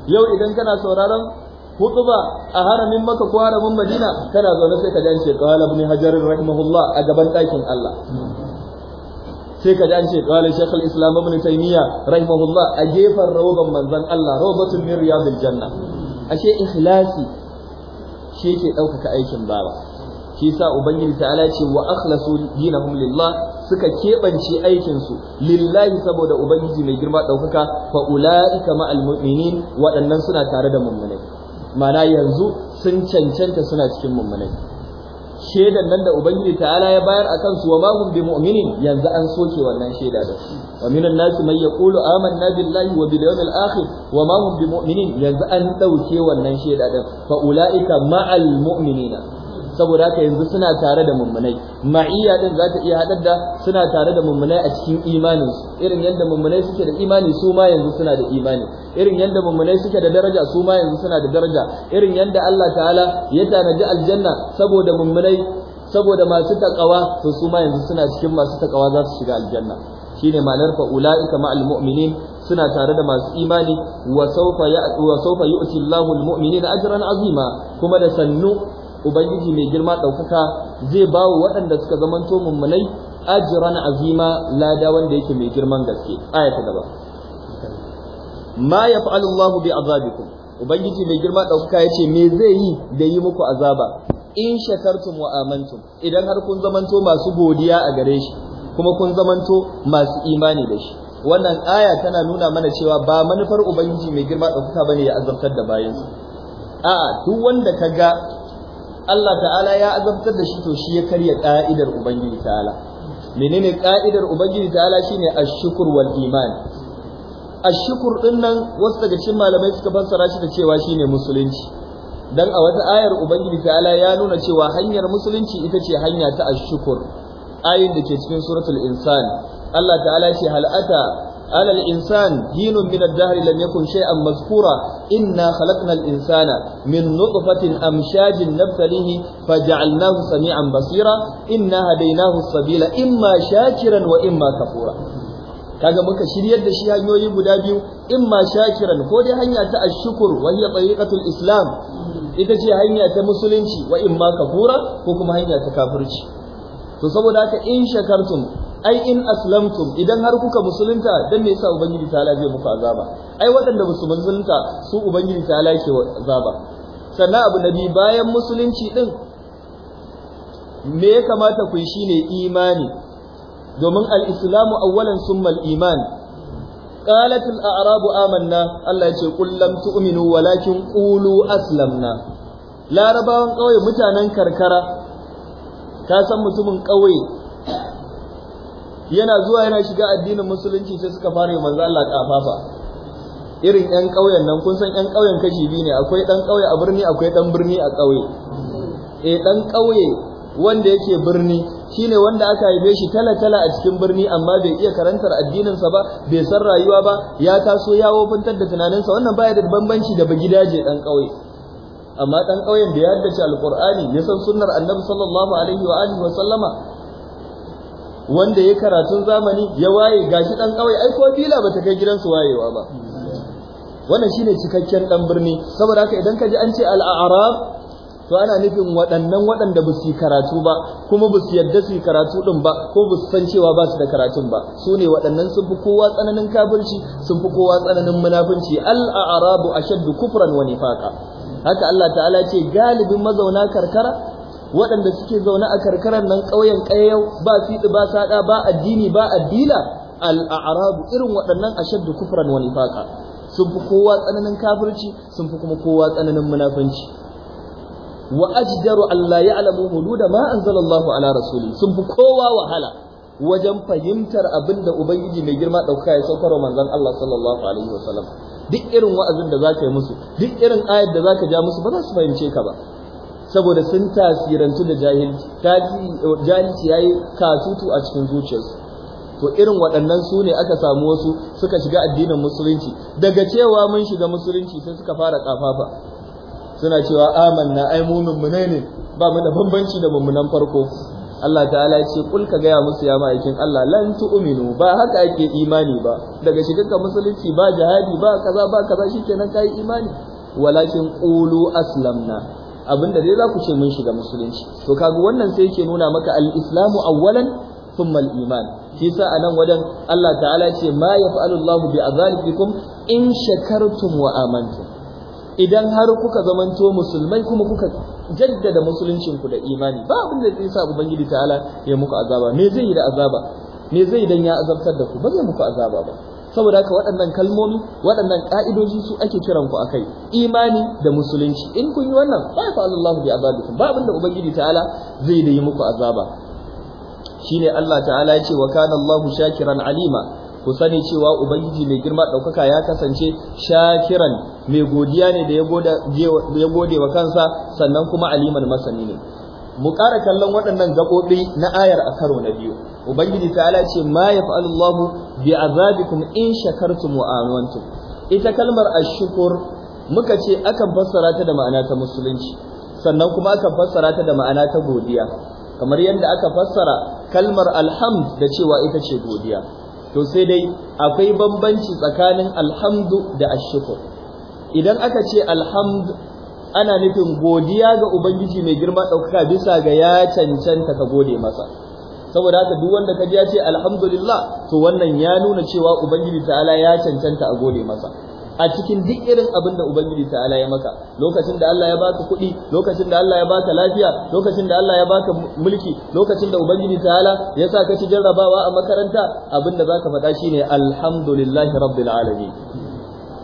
yau idan kana sauraron hutuba a haramin maka ko haramin madina kana zaune sai ka ji an ce qala ibn hajar rahimahullah a gaban ɗakin Allah sai ka ji an ce qala shaykh islam ibn taymiya rahimahullah a gefen roban manzon Allah rawdatun min riyadil janna ashe ikhlasi shi yake ɗaukaka aikin bawa shi yasa ubangiji ta'ala ce wa akhlasu dinahum lillah suka keɓance aikinsu lillahi saboda Ubangiji mai girma ɗaukaka fa ula'ika ma'al mu'minin waɗannan suna tare da mummunai mana yanzu sun cancanta suna cikin mummunai Shaidan nan da ubangiji ta'ala ya bayar akan su wa ma hum bimu'minin yanzu an soke wannan shaida da wa minan nasi man yaqulu amanna billahi wa bil yawmil akhir wa ma hum bimu'minin yanzu an dauke wannan shaida da fa ulaika ma'al mu'minina saboda haka yanzu suna tare da mummunai ma'iyya din zata iya haɗar da suna tare da mummunai a cikin imanin su irin yadda mummunai suke da imani su ma yanzu suna da imani irin yadda mummunai suke da daraja su ma yanzu suna da daraja irin yadda Allah ta'ala ya tanaji aljanna saboda mummunai saboda masu takawa to su ma yanzu suna cikin masu takawa za su shiga aljanna shine ma'anar fa ulaika ma'al mu'minin suna tare da masu imani wa sawfa ya'tu wa sawfa yu'ti Allahu al-mu'minina ajran azima kuma da sannu ubangiji mai girma ɗaukaka zai ba wa waɗanda suka zamanto mummunai ajran azima lada wanda yake mai girman gaske aya ta gaba ma ya yaf'alu Allahu bi azabikum ubangiji mai girma ɗaukaka ya ce me zai yi da yi muku azaba in shakartum wa amantum idan har kun zamanto masu godiya a gare shi kuma kun zamanto masu imani da shi wannan aya tana nuna mana cewa ba manufar ubangiji mai girma ɗaukaka ba ne ya azabtar da bayansa a'a duk wanda ka ga Allah ta'ala ya azabtar da shi to shi ya karya ka'idar ubangiji ta'ala menene ka'idar ubangiji ta'ala shine ash-shukr wal iman ash-shukr din nan wasu daga cikin malamai suka fassara shi da cewa shine musulunci dan a wata ayar ubangiji ta'ala ya nuna cewa hanyar musulunci ita ce hanya ta ash-shukr ayin da ke cikin suratul insan Allah ta'ala ce hal'ata على الإنسان دين من الدهر لم يكن شيئا مذكورا إنا خلقنا الإنسان من نطفة أمشاج نبتليه فجعلناه سميعا بصيرا إنا هديناه السبيل إما شاكرا وإما كفورا kaga muka shiryar da shi hanyoyi guda biyu ma shakiran ko dai hanya ta ashukur wa hiya tariqatul islam ita ce hanya ta musulunci wa ma kafura ko kuma hanya ta kafirci to saboda haka in shakartum ai in aslamtum idan har kuka musulunta dan me yasa ubangiji ta zai muku azaba ai waɗanda ba su musulunta su ubangiji ta yake azaba sannan abu nabi bayan musulunci din me ya kamata ku yi shine imani domin al-islamu awwalan summa al-iman qalat al-a'rabu amanna Allah ya ce qul lam tu'minu walakin qulu aslamna larabawan kauye mutanen karkara ka san mutumin kauye yana zuwa yana shiga addinin musulunci sai suka fara manzo Allah kafafa irin ƴan ƙauyen nan kun san ƴan ƙauyen kashi biyu ne akwai ɗan ƙauye a birni akwai ɗan birni a ƙauye eh ɗan ƙauye wanda yake birni shine wanda aka haife shi tala-tala a cikin birni amma bai iya karantar addinin sa ba bai san rayuwa ba ya taso yawo wofintar da tunaninsa wannan baya da bambanci da bagidaje ɗan ƙauye amma ɗan ƙauyen da ya haddace alƙur'ani ya san sunnar annabi sallallahu alaihi wa alihi wa sallama wanda ya karatun zamani ya waye gashi dan kawai ai ko fila bata kai gidansu wayewa ba wannan shine cikakken ɗan birni saboda haka idan ka ji an ce al-a'rab to ana nufin waɗannan waɗanda ba su yi karatu ba kuma ba su yadda su yi karatu ɗin ba ko ba su san cewa ba su da karatun ba su ne waɗannan sun fi kowa tsananin kafirci sun fi kowa tsananin munafunci al a ashaddu kufran wani nifaqa haka Allah ta'ala ce galibin mazauna karkara waɗanda suke zaune a karkarar nan ƙauyen ƙayyau ba fiɗi ba saɗa ba addini ba addila al'arabu irin waɗannan ashaddu kufran wani nifaqa sun fi kowa tsananin kafirci sun fi kuma kowa tsananin munafanci wa ajdaru alla ya'lamu hududa ma anzalallahu ala rasuli sun fi kowa wahala wajen fahimtar abin da Ubangiji mai girma ɗauka ya saukar wa Allah sallallahu alaihi sallam. duk irin wa'azin da ka yi musu duk irin ayar da zaka ja musu ba za su fahimce ka ba saboda sun tasirantu da jahilci jahilci yayi katutu a cikin zuciyarsu to irin waɗannan su ne aka samu wasu suka shiga addinin musulunci daga cewa mun shiga musulunci sai suka fara kafafa suna cewa amanna ai mumin mu ne ba mu da bambanci da mummunan farko Allah ta'ala ya ce kul ka gaya musu ya ma'aikin Allah lan tu'minu ba haka ake imani ba daga ka musulunci ba jihadi ba kaza ba kaza shikenan kai imani walakin qulu aslamna abinda dai za ku ce mun shiga musulunci to kaga wannan sai yake nuna maka al-islamu awwalan thumma al-iman shi yasa anan wajen Allah ta'ala ce ma yaf'alu Allahu bi azalikum in shakartum wa amantum idan har kuka zamanto musulmai kuma kuka jaddada musuluncin ku da imani ba abin da zai sa ubangiji ta'ala ya muku azaba me zai yi da azaba me zai dan ya azabtar da ku ba zai muku azaba ba saboda haka waɗannan kalmomi waɗannan ka'idoji su ake kiran ku akai imani da musulunci in kun yi wannan ba fa Allahu bi azabikum ba abinda ubangiji ta'ala zai da yi muku azaba shine Allah ta'ala ya ce wa kana Allahu shakiran alima ku sani cewa ubangiji mai girma ɗaukaka ya kasance shakiran mai godiya ne da ya gode wa kansa sannan kuma aliman masani ne mu ƙara kallon waɗannan gaɓoɓi na ayar a karo na biyu ubangiji ta'ala ce ma yaf'alu Allah bi azabikum in shakartum wa amantum ita kalmar ashkur muka ce akan fassara ta da ma'ana ta musulunci sannan kuma akan fassara ta da ma'ana ta godiya kamar yadda aka fassara kalmar alhamd da cewa ita ce godiya to sai dai akwai bambanci tsakanin alhamdu da ashkur idan aka ce alhamd ana nufin godiya ga ubangiji mai girma ɗaukaka bisa ga ya cancanta ka gode masa saboda haka duk wanda ka ji ya ce alhamdulillah to wannan ya nuna cewa ubangiji ta'ala ya cancanta a gode masa a cikin duk irin abin da ubangiji ta'ala ya maka lokacin da Allah ya baka kuɗi lokacin da Allah ya baka lafiya lokacin da Allah ya baka mulki lokacin da ubangiji ta'ala ya sa ka ci jarrabawa a makaranta abin da zaka faɗa shi ne alhamdulillahi rabbil alamin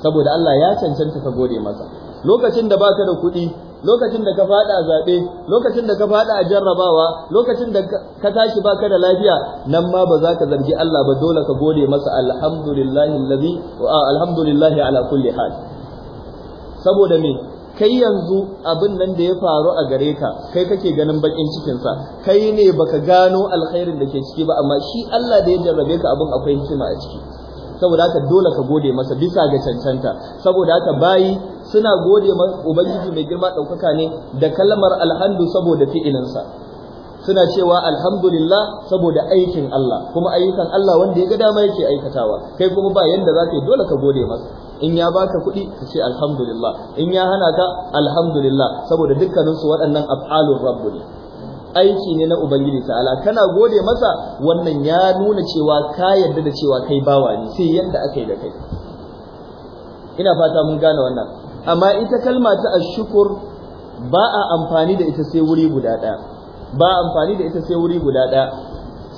saboda Allah ya cancanta ka gode masa lokacin da baka da kuɗi lokacin da ka fada a zaɓe lokacin da ka fada a jarrabawa lokacin da ka tashi baka da lafiya nan ma ba za ka zargi Allah ba dole ka gode masa alhamdulillahi allazi alhamdulillahi ala kulli hal saboda me kai yanzu abin nan da ya faru a gare ka kai kake ganin bakin cikinsa kai ne baka gano alkhairin da ke ciki ba amma shi Allah da ya jarrabe ka abin akwai hikima a ciki saboda haka dole ka gode masa bisa ga cancanta saboda haka bayi suna gode ma ubangiji mai girma ɗaukaka ne da kalmar alhamdu saboda fi'ilinsa suna cewa alhamdulillah saboda aikin Allah kuma ayyukan Allah wanda ya ga dama yake aikatawa kai kuma ba yanda zaka yi dole ka gode masa in ya baka kuɗi ka ce alhamdulillah in ya hana ka alhamdulillah saboda dukkaninsu waɗannan af'alur rabbu ne aiki ne na ubangiji ta'ala kana gode masa wannan ya nuna cewa ka yarda da cewa kai bawa ne sai yadda aka yi da kai ina fata mun gane wannan amma ita kalma ta ashukur ba a amfani da ita sai wuri guda ɗaya ba a amfani da ita sai wuri guda ɗaya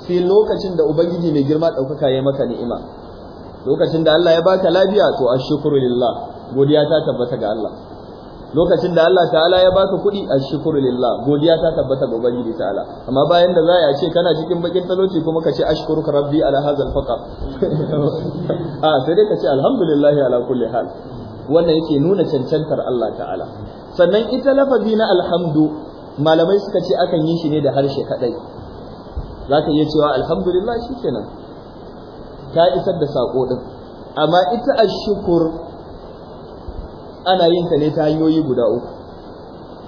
sai lokacin da ubangiji mai girma ɗaukaka ya maka ni'ima lokacin da Allah ya baka lafiya to ashukuru lillah godiya ta tabbata ga Allah lokacin da Allah ta'ala ya baka kuɗi a shukuru lillah godiya ta tabbata ga ubangiji ta'ala amma bayan da za a ce kana cikin bakin talauci kuma ka ce ashkuruka rabbi ala hadha faqr a <laughs> ah, sai dai ka ce alhamdulillah ala kulli hal wannan yake nuna cancantar Allah ta'ala sannan ita lafazi na alhamdu malamai suka ce akan yin shi ne da harshe kadai zaka iya cewa alhamdulillah shikenan ta isar da sako din amma ita ashkur ana yin ta ne ta hanyoyi guda uku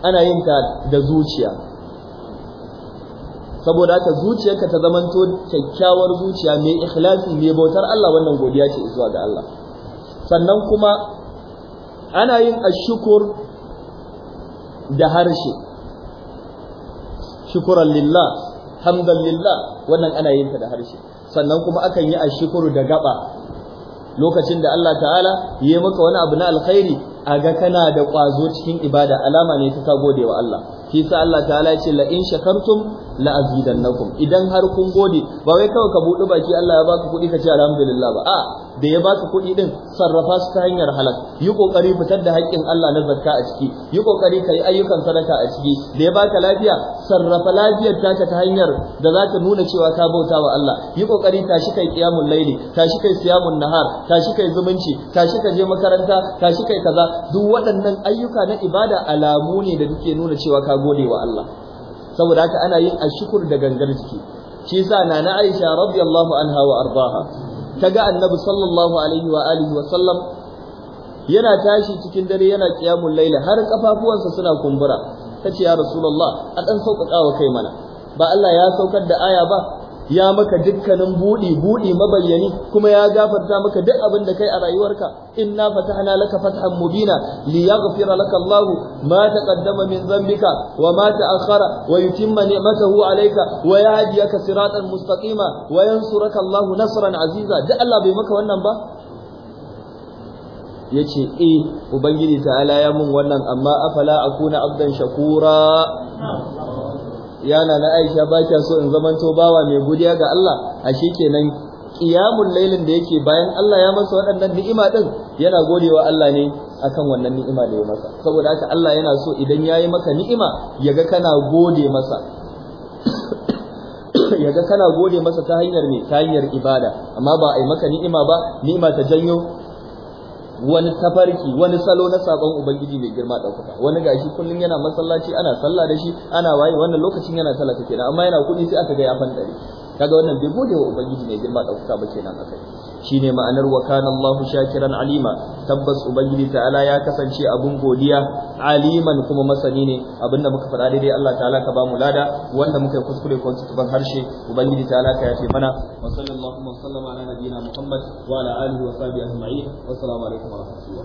ana yin ta da zuciya saboda haka zuciyarka ta zamanto kyakkyawar zuciya mai ikhlasi mai bautar Allah wannan godiya ce zuwa ga Allah sannan kuma ana yin ashukur da harshe shukuran lillah hamdan lillah wannan ana yin ta da harshe sannan kuma akan yi ashukuru da gaba lokacin da Allah ta'ala yi maka wani abu na alkhairi Aga kana da ƙwazo cikin ibada alama ne ta ka gode wa Allah shi sa Allah ta'ala ya ce la in shakartum la azidannakum idan har kun gode ba wai kawai ka buɗe baki Allah ya baka kuɗi ka ce alhamdulillah ba a da ya baka kuɗi din sarrafa su ta hanyar halal yi kokari fitar da haƙƙin Allah na zakka a ciki yi kokari kai ayyukan sadaka a ciki da ya baka lafiya sarrafa lafiyar ta ta hanyar da za ta nuna cewa ka bauta wa Allah yi kokari tashi kai qiyamul laili tashi kai siyamun nahar tashi kai zumunci tashi ka je makaranta tashi kai kaza duk waɗannan ayyuka na ibada alamu ne da duke nuna cewa ka gode wa Allah saboda haka ana yin ashkur da gangar jiki shi yasa nana Aisha radiyallahu anha wa ardaha taga annabi sallallahu alaihi wa alihi wa sallam yana tashi cikin dare yana qiyamul laila har kafafuwansa suna kumbura tace ya rasulullah a dan sauƙaƙa wa kai mana ba Allah ya saukar da aya ba ya maka dukkanin buɗi buɗi mabayyani kuma ya gafarta maka duk abin da kai a rayuwarka inna fatahna laka fathan mubina li yaghfira laka Allah ma taqaddama min dhanbika wa ma ta'akhkhara wa yutimma ni'matahu alayka wa yahdiyaka siratan mustaqima wa yansuraka Allah nasran aziza duk Allah bai maka wannan ba yace eh ubangiji ta'ala ya mun wannan amma afala akuna abdan shakura yana na Aisha ba kya so in zamanto bawa mai godiya ga Allah ashe kenan ƙiyamun lailin da yake bayan Allah ya masa waɗannan ni'ima ɗin yana godewa Allah ne akan wannan ni'ima da ya masa saboda haka Allah yana so idan ya yi maka ni'ima yaga kana gode masa <coughs> yaga kana gode masa ta hanyar me ta hanyar ibada amma ba a yi maka ni'ima ba ni'ima ta janyo wani tafarki wani salo na sabon ubangiji mai girma ɗaukaka wani gashi kullum yana masallaci ana sallah da shi ana waye wannan lokacin yana sallah kenan amma yana kuɗi sai aka ga ya fandare kaga wannan bai gode wa ubangiji mai girma ɗaukaka ba kenan akai ne ma'anar wa kana Allahu shakiran alima tabbas ubangiji ta'ala ya kasance abun godiya aliman kuma masani ne abinda muka faɗa daidai Allah ta'ala ka bamu lada wanda muka yi kuskure ko tuban harshe ubangiji ta'ala ka yafe mana wa sallallahu wa sallama ala nabiyina Muhammad wa ala alihi wa sahbihi ajma'in wa assalamu alaikum wa